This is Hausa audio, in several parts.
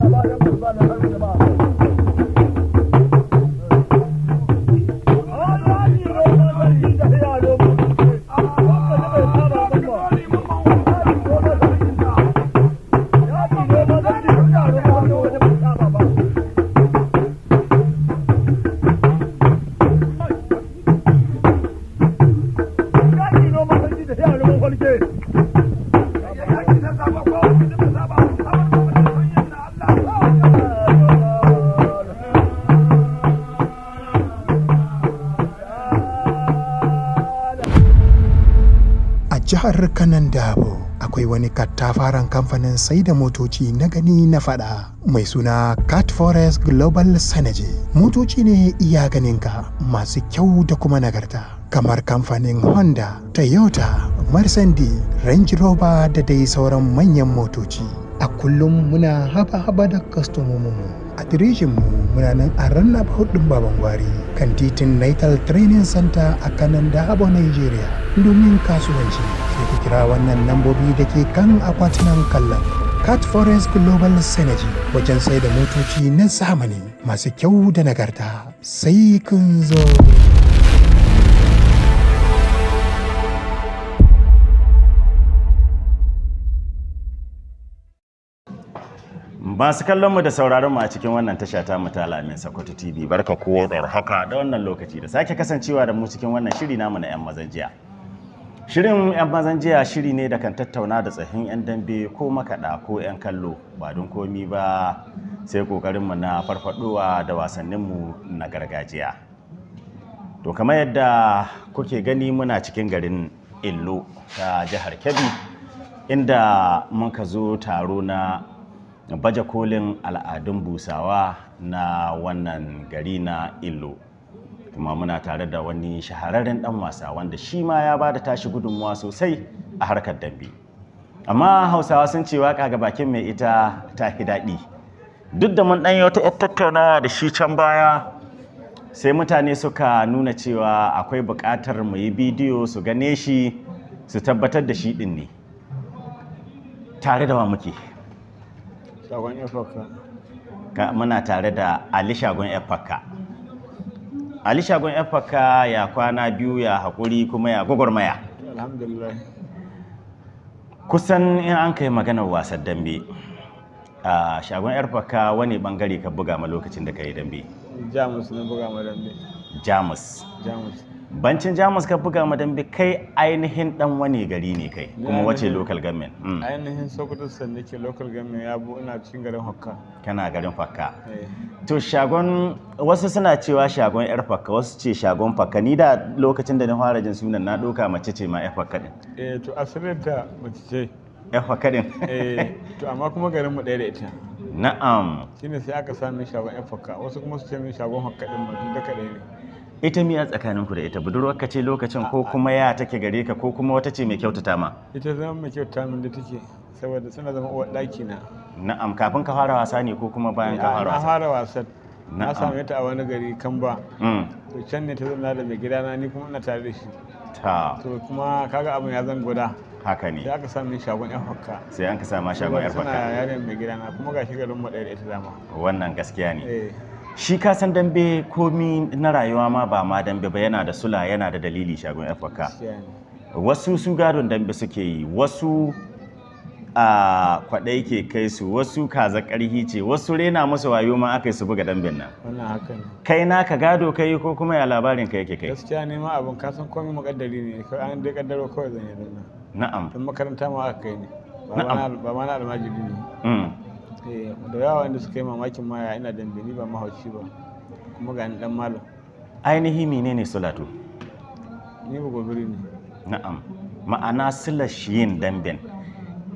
ba ya jihar kanan dabo akwai wani katafaren kamfanin sai da motoci na gani na fada mai suna cat forest global synergy motoci ne iya ganinka masu kyau da kuma nagarta kamar kamfanin honda toyota mercedes range rover da dai sauran manyan motoci a kullum muna haba-haba da kastomominmu a mu muna nan a ranar hudun baban gwari kan titin natal training center a kanan dahabo nigeria domin kasuwanci sai ku kira wannan lambobi da ke kan akwatunan kallon cat forest global synergy wajen sai da motoci na zamani masu kyau da nagarta sai kun zo masu kallon mu da sauraron mu a cikin wannan tasha ta mu ta Lamin Sokoto TV barka ko haka da wannan lokaci da sake kasancewa da mu cikin wannan shiri namu na 'yan mazan jiya Shirin 'yan mazan jiya shiri ne da kan tattauna da tsahin 'yan dambe ko makaɗa ko 'yan kallo ba don komi ba sai ƙoƙarinmu na farfaɗowa da wasanninmu na gargajiya. To kamar yadda kuke gani muna cikin garin Illo ta jihar Kebbi inda muka zo taro na baje kolin al'adun busawa na wannan gari na illo kuma muna tare da wani shahararren dan wasa wanda shi ma ya ba da tashi gudunmuwa sosai a harkar dambe amma hausawa sun ce waka ga bakin mai ita ta fi daɗi duk da mun ɗan wata tattauna da shi can baya sai mutane suka nuna cewa akwai buƙatar mu yi bidiyo su gane shi su tabbatar da shi ɗin ne tare da wa muke shagon efaka muna tare da ali shagon efaka ali shagon efaka ya kwana biyu ya haƙuri kuma ya gugurmaya kusan in an kai maganar wasan dambe a shagon efaka wani bangare ka buga ma lokacin da ka yi dambe jamus na buga ma dambe jamus bancin jamus ka buga ma kai ainihin dan wani gari ne kai kuma wace local government hmm. ainihin sokoto sanda ke local government ya bu ina cikin garin hokka kana garin fakka eh. to shagon wasu suna cewa shagon yar fakka wasu ce shagon fakka ni da lokacin da na fara jin sunan na doka mace ce ma yar fakka din eh to asalin ta mace ce yar fakka din eh to amma kuma garin mu ɗaya da ita na'am shine sai aka sami shagon yar fakka wasu kuma su ce min shagon hokka din ma duk da kaɗai ne ita miya tsakanin ku da ita budurwar ka ce lokacin ko kuma ya take gare ka ko kuma wata ce mai kyautata ma ita zama mai kyautata min da take saboda suna zama uwar daki na na'am kafin ka fara wasa ne ko kuma bayan ka fara wasa na fara wasa na samu ta a wani gari kan ba mm. to can ne ta zauna da mai gidana ni kuma ina tare da shi ta to kuma kaga abin ya zan guda. haka ne sai aka min shagon yan hokka sai an ka sama shagon yan hokka suna yaren mai gidana kuma gashi garin mu da ita dama wannan gaskiya ne eh. shi ka san dambe komi na rayuwa ma ba ma dambe ba yana da sula yana da dalili shagon afirka wasu su gadon dambe suke yi wasu a kwaɗai ke kai su wasu kaza ƙarhi ce wasu rena musu wayo ma aka su buga damben nan kai na ka gado kai ko kuma ya labarin ka yake kai gaskiya ne ma abin ka san komai muƙaddari ne ko an dai kaddaro kawai zan yi na'am tun makaranta ma aka kai ne ba ma na almajiri ne mm. Eh, da yawa inda suka yi mamakin maya ina dambe ni ba mahauci ba kuma ga ni dan malam ainihi ne sulatu ni ba gobiri ne na'am ma'ana silar yin damben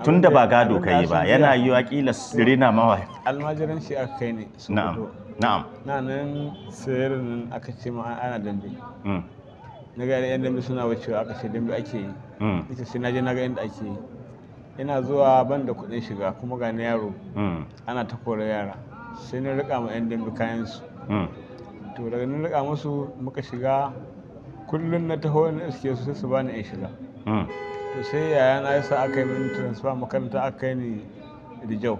tun da ba gado ka yi ba yana yi wa kila rina mawa almajiran shi aka kai ne na'am na'am na nan sayar nan aka ce ma ana dambe mm. na ga yan dambe suna wacewa aka ce dambe ake yi mm. ita sai na je na ga yadda ake yi ina zuwa ban da kuɗin shiga kuma ga ni yaro hmm. ana ta kore yara sai na rika ma 'yan dambe kayan su hmm. to daga ni rika musu muka shiga kullum na taho na iske su sai su bani in shiga hmm. to sai yaya na yasa aka yi min transfer makaranta aka yi ni rijau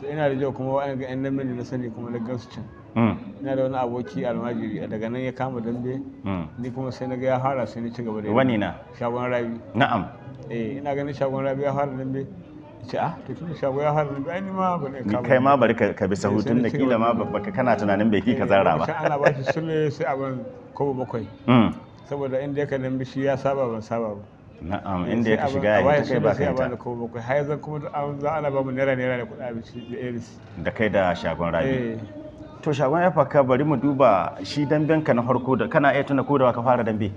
to ina rijau kuma wa'an ga 'yan dambe na sani kuma na gansu can ina da wani aboki almajiri daga nan ya kama dambe ni kuma sai na ga ya fara sai na ci gaba da wani na shagon rabi na'am Eh, ina ganin shagon rabi ya fara dambe ce ah to tun ya fara dambe ni ma ba ne kai ma bari ka bi sahu eh, da kila ma baka kana tunanin bai ki ka zarra ba eh, ana ba shi sulle sai abin kobo bakwai hmm. saboda inda ya ka dambe shi ya saba ban saba ba na'am inda ya ka shiga ya kai ba ta kobo bakwai har yanzu kuma za ana ba mu naira naira da da eris da kai da shagon rabi to shagon ya faka bari mu duba shi damben ka na farko da kana iya tuna ko da ka fara dambe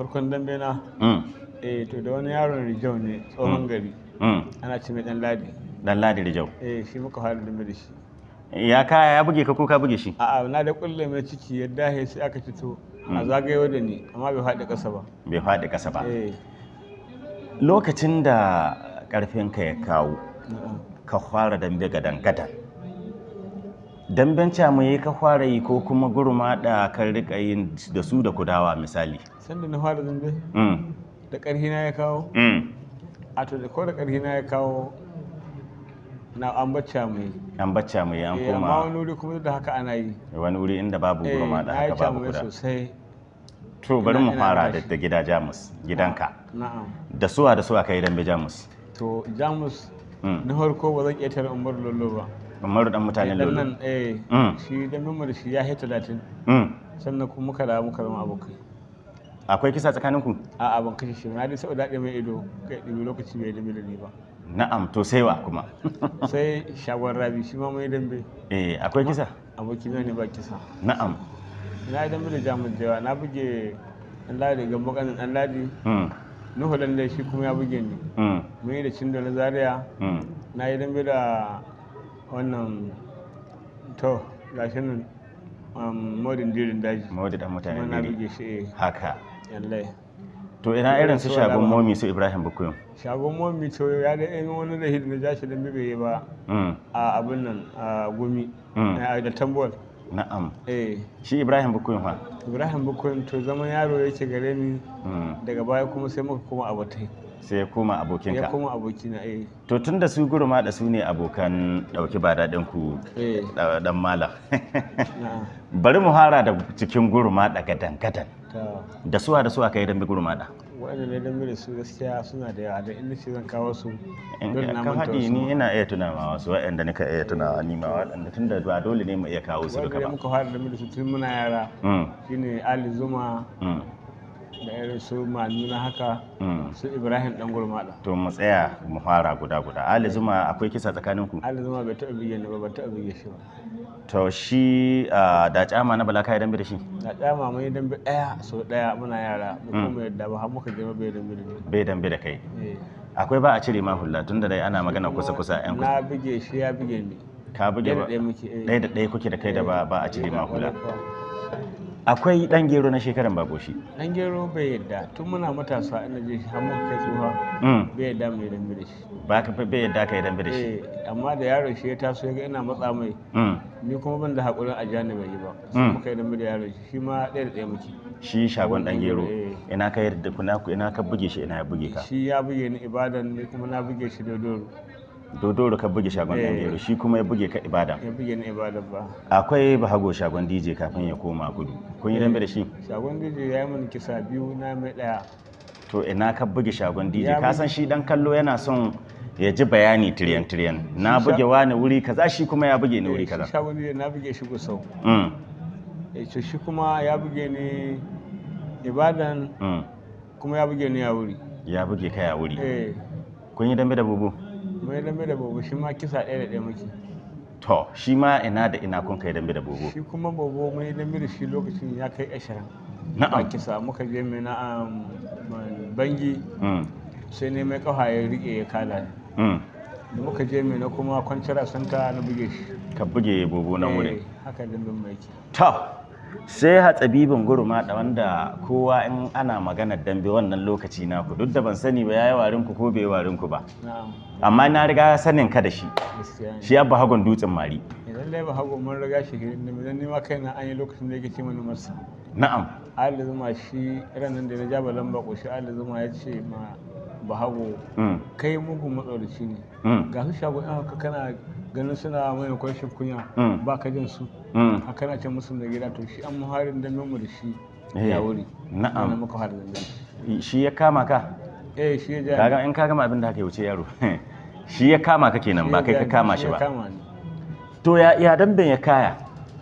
farkon dambe na hmm. eh to da wani yaron rijau ne tsohon mm. gari mm. ana ce mai dan ladi dan ladi rijau eh shi muka fara da shi ya kaya ya buge ka ko ka buge shi a'a na da kullum mai ciki ya dahe sai aka fito a mm. zagayewa da ni amma bai faɗi ƙasa ba bai faɗi ƙasa ba eh. lokacin da ƙarfin ka ya kawo ka fara dambe ga dangada damben mu ya ka fara yi ko kuma gurma da kan riƙa yin da su da kudawa misali sanda na fara dambe da ƙarfi na ya kawo mm. a to da ko da ƙarfi na ya kawo na an bacca mai an bacca mai an koma amma wani wuri kuma da haka ana yi eh, wani wuri inda babu eh, gurma da haka babu guda sosai to bari mu fara da gida jamus gidanka ah, na'am da suwa da suwa kai dambe jamus to jamus mm. na farko ba zan ƙetare umar lullu ba umar dan mutanen lullu eh, eh mm. shi don mu da shi ya hi 30 sannan kuma muka da muka zama abokai akwai kisa tsakanin ku a abin kashe shi na dai sau daɗe mai ido kai ɗimi lokaci bai dambe da ni ba na'am to sai wa kuma sai shagon rabi shi ma mai dambe eh akwai kisa aboki ne ba kisa na'am na yi dambe da jamus jawa na buge an ladi ga maganin an ladi hmm. nuhu dan dai shi kuma ya buge ni hmm. mun yi da cindo na zaria hmm. na yi dambe da wannan to gashi nan um, modin dirin daji modin dan mutane eh. haka to ina irin su shagon momi su ibrahim bukuyin shagon momi to ya da yan wani da hidin da shi da bai ba mm. a abin nan a gumi mm. da tambol na'am eh shi ibrahim bukuyin fa ibrahim bukuyin to zaman yaro yake gare ni mm. daga baya kuma sai muka koma abotai sai ya koma abokinka ya koma abokina eh to tun da su gurma da su ne abokan dauki ba daɗin ku dan eh. malam bari mu hara da cikin gurma daga dangadan da suwa da suwa kai dambe gurmada waɗanda ne dambe da su gaskiya suna da yawa da inda ce zan kawo su don na manta wasu ni ina iya tunawa wasu waɗanda nika iya tunawa ni ma waɗanda tun da ba dole ne mu iya kawo su duka ba waɗanda muka fara dambe da su tun muna yara mm. shine Ali Zuma mm. da irin su na haka mm. su ibrahim dan gurmada to mu tsaya mu fara guda guda ali zuma akwai kisa tsakanin ku ali zuma bai taɓa bige ni ba ban taɓa bige shi ba to shi da cama na balaka ya dambe da shi da cama mai dambe daya so daya muna yara mm. mu kuma yadda ba har muka ba bai dambe da shi. bai dambe da kai eh. akwai ba a cire ma hulla tun da dai ana magana kusa kusa yan kusa na bige shi ya bige ni ka bige ba eh. ɗaya da ɗaya kuke da kai da ba a cire eh, ma hula akwai dan gero na shekaran bako shi dan gero bai yadda tun muna matasa ina je shi muka kai tsoha mm. bai yadda mai dambe da shi ba ka bai yadda ka yi dambe da shi eh, amma da yaro shi ya taso ga ina matsa mai mm. ni kuma ban da haƙurin a jani bai yi ba sai mm. kai yi dambe da yaro shi ma ɗaya da ɗaya muke shi shagon dan gero eh. ina ka yarda kuna ina ka buge shi ina ya buge ka shi ya buge ni ibadan ni kuma na buge shi da doro dodoro ka buge shagon dan gero shi kuma ya buge ka ibada ya buge ni ibada ba akwai bahago shagon dj kafin ya koma gudu kun yi rambe da shi eh, shagon dj ya yi mun kisa biyu na mai daya to ina ka buge shagon dj ka san shi dan kallo yana son ya ji bayani tiriyan tiriyan na buge wani wuri kaza shi kuma ya buge ni wuri eh, kaza shagon dj na buge shi gusau mm eh, to shi kuma ya buge ni ibadan mm. kuma ya buge ni ya wuri ya buge ka ya wuri kun yi dambe da bubu mai dambe da bobo shi ma kisa ɗaya da ɗaya muke to shi ma ina da ina kun kai dambe da bobo shi kuma bobo mai da shi lokacin ya kai ashirin na'am kisa muka je mai um, bangi mm. sai ne mai kafa ya riƙe ya kala ne mm. da muka je mai na kuma kwanciyar santa na buge shi ka buge bobo na wuri eh, haka mai ke to sai hatsabibin guruma da wanda kowa in ana maganar dambe wannan lokaci ku duk da ban sani ba yayi warin ku ko bai warin ku ba amma na riga sanin ka da shi shi abba hagon dutsen mari idan eh, dai ba hagon mun riga shi gidan dambe dan ni ma kaina an yi lokacin da yake ce mana marsa na'am Ali Zuma shi nan da na ja balan bako shi Ali Zuma ya ce ma hago mm. kai mugun matsalaci ne mm. ga su shago ɗan haka kana ganin suna mai kwashin kunya mm. ba ka jin su mm. a kana can musu da gida to shi an muharin da mu da shi eh. ya wuri na'am na muka harin da shi ya kama ka eh shi ya ja kaga in ka gama abin da haka wuce yaro shi ya kama ka kenan ba kai ka kama shi ba to ya ya damben ya kaya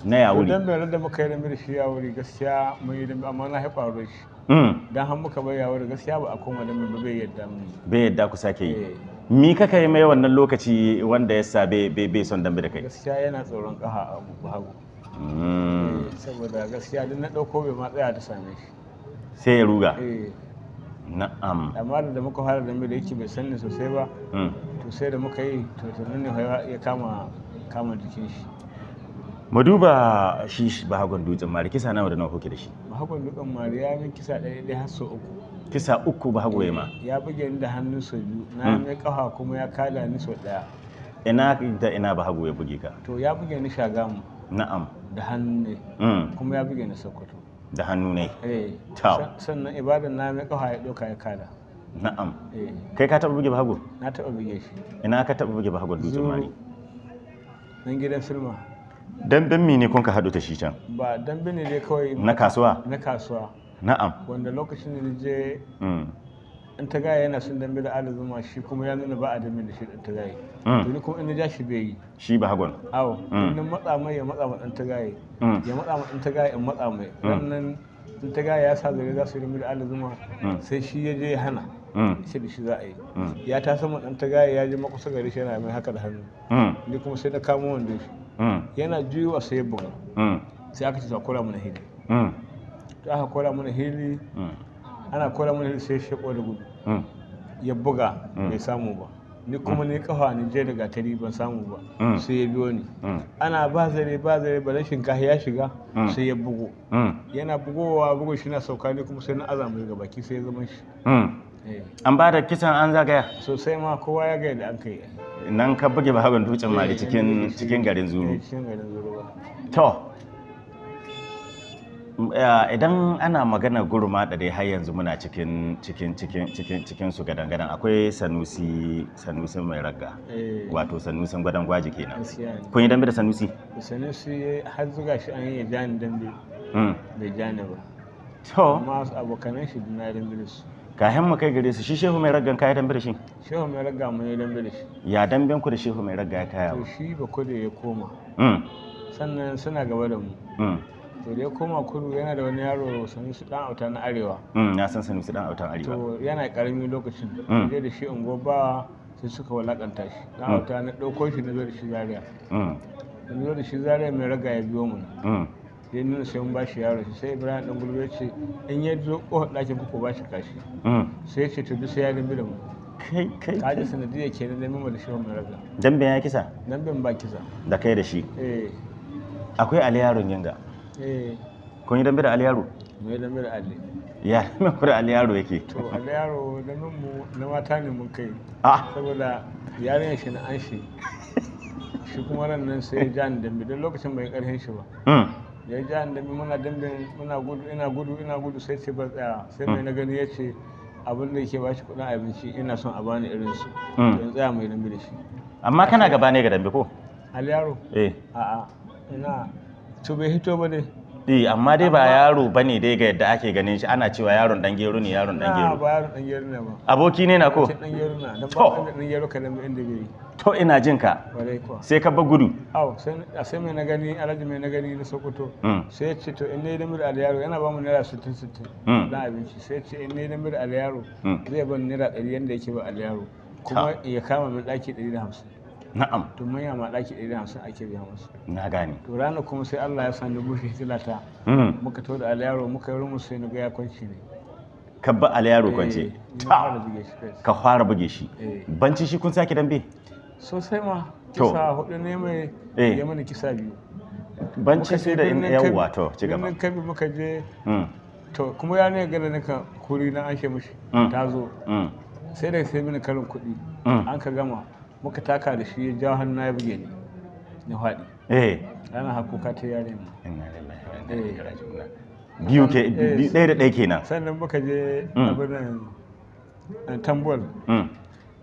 na ya wuri damben da muka yi da shi ya wuri gaskiya mun yi damben amma na haifa ruwa shi mm. dan har muka bai ya wuri gaskiya ba a koma damben ba bai yadda mu bai yadda ku sake yi eh. mi kaka yi mai wannan lokaci wanda ya sabe bai son dambe da kai gaskiya yana tsoron kaha a hagu mm. eh, saboda gaskiya duk na dauko bai ma tsaya ta same shi sai ya ruga eh. na'am amma da muka fara dambe da yake bai sanni sosai ba mm. to sai da muka yi to tunan ne ya kama kama jikin shi Maduba duba shi bahagon dutsen mari kisa nawa da nawa kuke da shi bahagon dutsen mari ya min kisa ɗaya ɗaya har sau uku kisa uku ba hagu ma eh, ya buge ni da hannu sau biyu na hmm. mai kafa kuma ya kada ni sau daya ina da ina ba hagu ya buge ka to ya buge ni shagamu na'am da hannu ne hmm. kuma ya buge ni sokoto da hannu ne eh sannan ibadan na mai kafa ya doka ya kada na'am eh. kai ka taba buge ba hagu? na taba buge shi ina ka taba buge ba hagu dutsen mani nan gidan filma damben mini kun ka hadu ta shi can ba damben ne dai kawai na kasuwa na kasuwa na'am wanda lokacin da je mm. in ta gaya yana son dambe da alizuma shi kuma ya nuna ba a dambe da shi dan ta gaya mm. to ni kuma in na ja shi bai yi shi ba hagon awo mm. in matsa mai ya matsa ma dan ta gaya ya matsa ma dan ta gaya in matsa mai wannan in ta gaya ya sa zare za su yi da alizuma. sai shi ya je ya hana sai da shi za a yi ya ta sama dan ta gaya ya je makusa gari shi yana mai haka da hannu ni kuma sai na kamo wanda shi yana juyuwa sai ya buga sai aka ce sakura mu na hidi to aka kora mana hili hmm. ana kora mana hili sai sheko da gudu hmm. ya buga hmm. bai samu ba ni kuma ni kafa ni je daga tari ban samu ba sai ya biyo ni ana ba zare ba zare ba rashin kahi ya shiga sai ya bugo yana bugowa bugo shi na sauka ne kuma sai na azamu daga baki sai ya zama shi eh. an ba da kisan an zagaya sosai ma kowa ya gaya da an kai nan ka buge bahagon dutsen mari eh, cikin garin zuru to Mm, idan ana magana gurma da dai har yanzu muna cikin cikin cikin cikin cikin su gadan gadan akwai sanusi sanusi mai ragga eh. wato sanusin gwadan gwaji kenan kun yi dambe da sanusi sanusi har zuga shi an yi jani dambe da hmm. jani ba to amma abokanan shi na dambe da su kayan mu kai gare su shi shehu mai raggan kaya dambe da shi shehu mai ragga mu ne dambe da shi ya damben ku da shehu mai ragga ya kaya to shi ba ku da ya koma hmm. sannan suna gaba da mu hmm. to da koma kudu yana da wani yaro sanusi dan auta na arewa mm, na san sanusi dan na arewa to yana karami lokacin da mm. da shi ungo ba sai suka walakanta shi dan mm. auta na dauko shi na zo da shi zaria mm zo da shi zaria mai raga ya biyo mu sai nuna sai mun ba shi yaro sai ibrahim dan gulbe ce in ya zo kohon dakin kuku ba shi kashi sai ce to sai ya gambi da mu kai kai kaji sanadiyar ke na neman da shi mun raga dambe ya kisa dambe ba kisa da kai da shi eh. akwai ali yaron yanga Eh. kun yi dambe da ali mai dambe da ali ya me kura aliyaro yake to aliyaro yaro da mu na mata ne mun kai saboda yarin shi na an shi shi kuma ran nan sai ja ni dambe don lokacin bai karhin shi ba hmm. ya ja ni dambe muna dambe muna gudu ina gudu ina gudu sai ce ba tsaya sai mai hmm. na gani ya ce abin da yake bashi kudin abinci ina son a bani irin su hmm. in tsaya mai dambe da shi amma kana gaba ne ga dambe ko aliyaro eh a'a ina to bai hito ba ne eh amma dai ba yaro ba ne dai ga yadda ake ganin shi ana cewa yaron dan gero ne yaron dan gero ba yaron dan gero aboki ne na ko to ina jin ka sai ka ba gudu sai mai na gani alhaji mai na gani na Sokoto mm. sai ce to in da mura yana ba mu naira 60 60 mm. na abinci sai ce in da mura mm. zai ban naira 100 yanda yake ba al kuma ya kama mai daki 150 na'am to mun yama daki 150 ake biya musu na gane to ranar kuma sai Allah ya sani bufe tilata hmm. muka to da alyaro muka yi rumu sai na ga ya kwanci ne ka ba alyaro eh, kwance ta ka fara buge shi eh. banci shi kun sake dambe sosai ma kisa hudu ne mai eh. ya mana kisa biyu banci sai da yawwa to ci gaba kabi muka je hmm. to kuma ya ne gane naka kuri na ake she mishi hmm. ta zo sai da sai mini karin kuɗi an ka gama muka taka da shi ja hannu ya buge ni na faɗi eh ana hakuka ta yare mu eh. biyu ke ɗaya da ɗaya kenan sannan muka je mm. abin eh, tambol mm.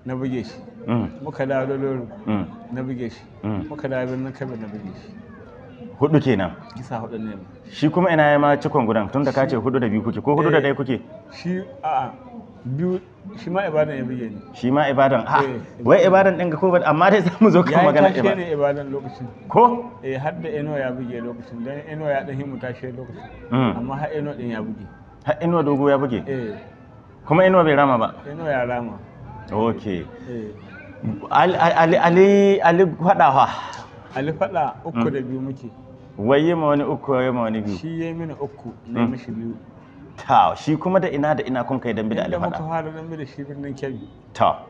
na buge shi mm. muka da lalori na buge shi muka da na kabe na buge shi hudu kenan kisa hudu ne shi kuma ina ya ma cikon gudan tun da ka ce hudu da biyu kuke ko hudu da eh. ɗaya kuke shi a'a biyu shi ma ibadan ya bige ne. shi ma ibadan ha ah, eh, wai ibadan din ga ko amma dai za mu zo kan magana ibadan yayi ne ibadan lokacin ko eh har da eno ya buge lokacin dan eno ya dan himu tashi lokacin mm. amma har eno din ya buge har eno dogo ya buge eh kuma eno bai rama ba eno ya rama okay eh. ali ali ali fada ali fada uku mm. da biyu muke wai ma wani uku yi ma wani biyu shi yi mini uku ne mm. mishi biyu ta shi kuma da ina da ina kun kai dambe da Inda muka fara dambe da shi birnin kebbi ta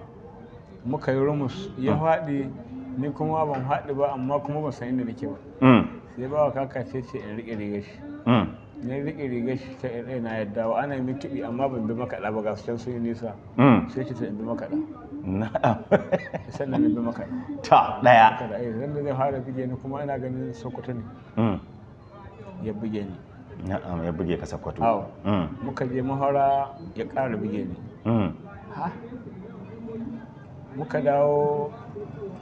muka yi rumus ya mm. faɗi ni kuma ban faɗi ba amma kuma ban san inda nake ba mm. sai ba wa kaka ce ce in riƙe rigar shi mm. ne riƙe rigar shi ta ina na yadda wa ana min kiɓi amma ban bi makaɗa ba gasu can sun yi nisa sai ce ta in bi makaɗa na'am sannan in bi makaɗa ta ɗaya zan eh, da zai fara bige ni kuma ina ganin sokoto ne ya bige ni ya buge ka sakwato mm. muka je mahara ya kara buge ni mm. ha muka dawo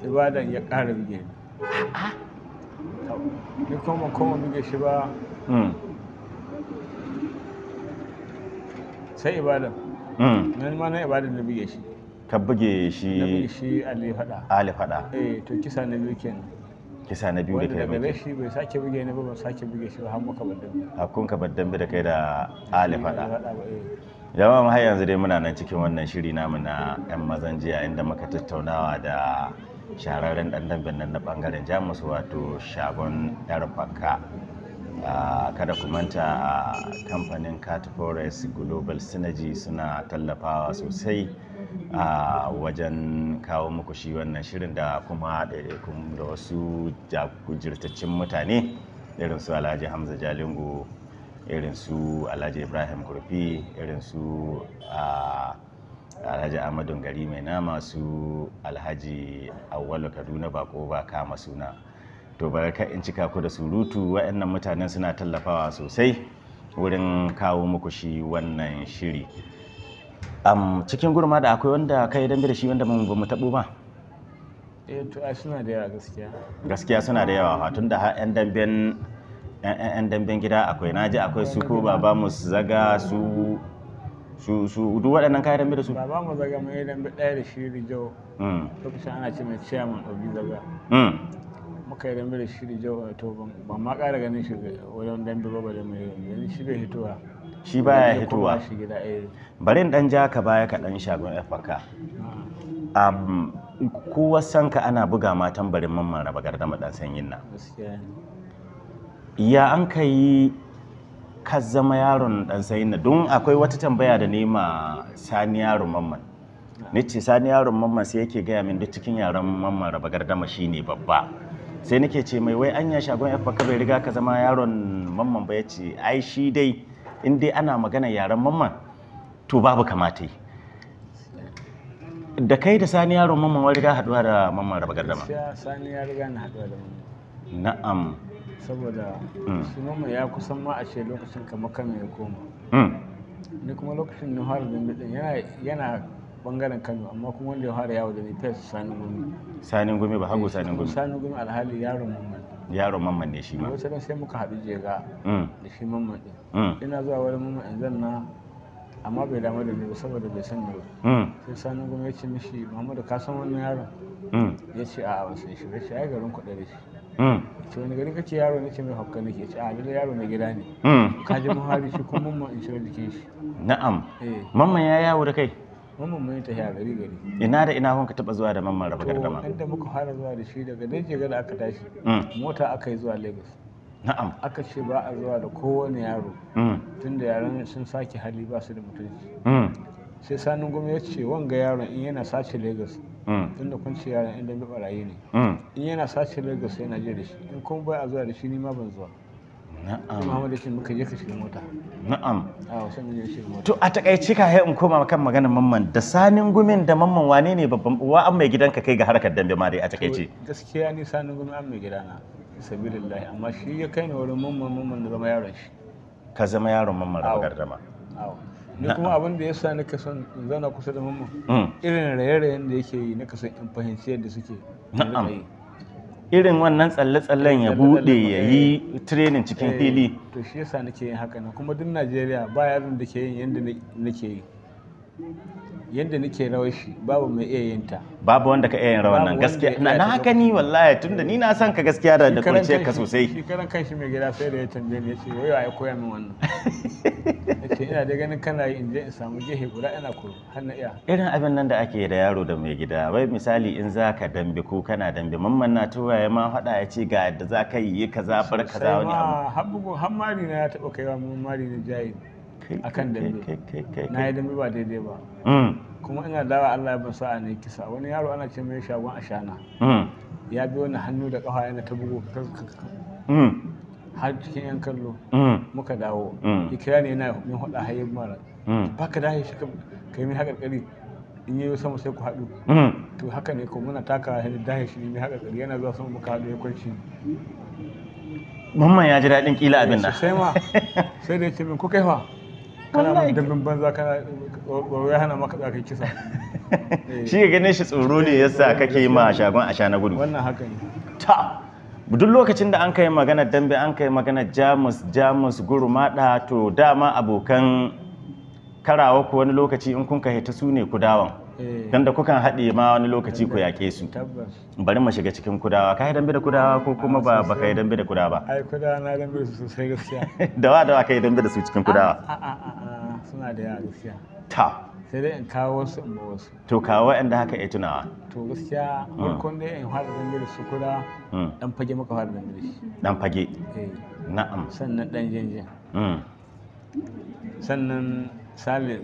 ibadan ya kara buge ni ni koma koma buge shi ba mm. sai ibadan nan ma na ibadan na buge shi ka buge shi alifada ali eh to kisa na biyu kenan kisa na biyu da kai daga shi bai sake buge ni ba ba sake buge shi har muka ka da kai da ali fada eh. jama'a mu har yanzu dai muna nan cikin wannan shiri namu na yan mazan jiya inda muka tattaunawa da shararren dan dambe nan na bangaren jamus wato shagon yar fanka ah, kada ku manta a kamfanin cat forest global synergy suna tallafawa sosai a wajen kawo muku shi wannan shirin da kuma ɗaiɗaikun da wasu jirtaccen mutane irin su alhaji hamza jalingo irin su alhaji ibrahim kurfi irin su alhaji amadun gari mai nama su alhaji awwalu kaduna ba ko ba kama suna to bari ka in cika ku da surutu waɗannan mutanen suna tallafawa sosai wurin kawo muku shi wannan shiri um, cikin gurma da akwai wanda kai dambe da shi wanda mun mu taɓo ba eh to ai suna da yawa gaskiya gaskiya suna da yawa tun da ha yan damben yan damben gida akwai naji akwai su ko baba mu zaga su su su duk waɗannan kayan dambe da su baba mu zaga mai dambe ɗaya da shi rijau mm. lokacin ana ce mai chairman obi zaga mm. muka yi dambe da shi rijau to ban ma ƙara ganin shi wajen dambe ba ba da mai ganin shi bai hitowa shi ba ya hitowa eh. bari dan ja ka baya ka dan shagon faka um, kowa sanka ana buga matan barin mamman raba gardama dan sanyin nan ya an ka yi ka zama yaron dan sanyin nan don akwai wata tambaya da nema sani yaron mamman ni ce sani yaron mamman sai yake gaya min duk cikin yaron mamman raba gardama shine babba sai nake ce mai wai anya shagon ka bai riga ka zama yaron mamman ba ya ce ai shi dai in dai ana magana yaren mamman to babu kamata yi da kai da sani yaron mamman wani riga haduwa da mamman raba gardama sani ya riga na haduwa da mamman na'am saboda mm. su mamman ya kusan ma a ce lokacin kamar kame ya koma mm. ni kuma lokacin na fara da din yana bangaren kano amma kuma wanda ya fara yawo da ni fes sanin gumi sanin gumi ba hagu sanin gumi sanin gumi alhali yaron mamma yaron mamman ne shi ma Wace ran sai muka haɗu jega mm. da shi mamman ɗin mm. ina zuwa wani mamman in zan na amma bai damu da ni ba saboda bai san ni ba mm. sai sani goma ya ce mishi muhammadu ka san wannan yaron ya ce a ban san shi ba ce ai garin kuɗa da shi ce wani garin kace yaro ne ce mai hakka nake ce a lalle yaro na gida ne ka ji muhari shi kuma mamman in shiga jikin shi na'am eh. mamman ya yawo da kai mamman mun ta a gari gari ina da ina ka taba zuwa da mamman raba gargama to inda muka fara zuwa da shi daga nan da aka tashi mm. mota aka yi zuwa lagos na'am aka ce ba a zuwa da kowane yaro mm. tunda yaran sun sake hali ba su da mutunci mm. sai sanin gwamnati ya ce wanga yaron in yana sace lagos tunda kun ce yaron inda barayi ne in yana sace lagos yana je da shi in kun bai a zuwa da shi ni ban zuwa na'am Muhammad ya shi muka je ka shiga mota na'am a wasan ne shiga mota to a takaice ka hai in koma kan maganar mamman da sanin gumin da mamman wane ne babban uwa an mai gidanka kai ga harkar dambe ma dai a takaice gaskiya ni sanin gumin an mai gidana sabilillahi amma shi ya kai ni wurin mamman mamman da zama yaron shi ka zama yaron mamman raba gardama ni kuma abin da ya sa nika kasan zana kusa da mamman mm. irin raye-rayen da yake yi nika kasan in fahimci yadda suke na'am irin wannan tsalle-tsallen ya bude ya yi eh. training cikin eh, fili to shi yasa nake yin haka na kuma duk najeriya ba yaron da ke yin yadda nake yi yadda nake rawar shi babu mai iya yin ta babu wanda ka iya yin rawar nan gaskiya na na gani wallahi tunda ni na san ka gaskiya da da kurciyar ka sosai shi karan kanshi mai gida sai da ya tambaye ni yace wai ai koya min wannan yace ina da ganin kana yi in je in samu gehe guda ina koyo har na iya irin abin nan da ake da yaro da mai gida wai misali in zaka dambe ko kana dambe mamman na tuwa ma faɗa ya ce ga yadda za ka yi kaza bar kaza wani abu har bugu har mari na ya taɓa kaiwa mun mari na jayi akan dambe na yi dambe ba daidai ba mm. kuma ina dawa Allah ya basu a ne kisa wani yaro ana ce mai shagon ashana mm. ya bi wani hannu da kafa yana ta bugu mm. har cikin yan kallo muka dawo ya kira ne yana min hudu a mara ba ka dahe shi ka yi min haƙarƙari in yi sama sai ku haɗu to haka ne ko muna taka hannun dahe shi ne haƙarƙari yana zuwa sama muka haɗu ya kwanci Mamman ya ji daɗin ƙila abin da. Sai ma, sai da ya ce min kuka kai kana mai dambin banza kana ya hana maka da kai kisa shi ga ganin shi tsoro ne yasa eh, kake ma shagon a shana gudu wannan ta duk lokacin da an kai magana dambe an kai magana jamus jamus mada to dama abokan karawa ko wani lokaci in kun ka hita su ne ku dawon Eh. don da kukan haɗe ma wani lokaci ku yaƙe su bari mu shiga cikin kudawa ka yi dambe da kudawa ko kuma ba ba ka yi dambe da kudawa ba ai kudawa na dambe su sosai gaskiya dawa dawa ka yi dambe da su cikin kudawa ah, ah, ah, suna da yawa gaskiya ta sai dai in kawo wasu in ba wasu to kawo wa'anda haka ya tunawa to gaskiya hmm. farkon dai in fara dambe da su kudawa dan hmm. fage maka fara dambe da shi dan fage eh. na'am sannan dan jinjin hmm. sannan salim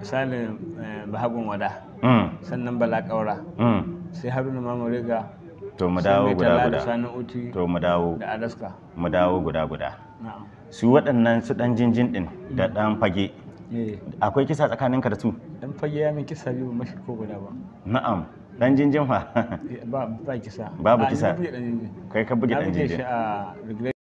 misalin eh, bahagun wada mm. sannan bala kaura mm. sai haruna mamari ga to mu dawo guda guda to mu dawo da alaska mu dawo guda guda su waɗannan su ɗan jinjin ɗin da mm. ɗan fage eh. akwai kisa tsakaninka da su ɗan fage ya min kisa biyu mashi ko guda ba na'am ɗan jinjin fa eh, ba kisa babu kisa kai ka buge ɗan jinjin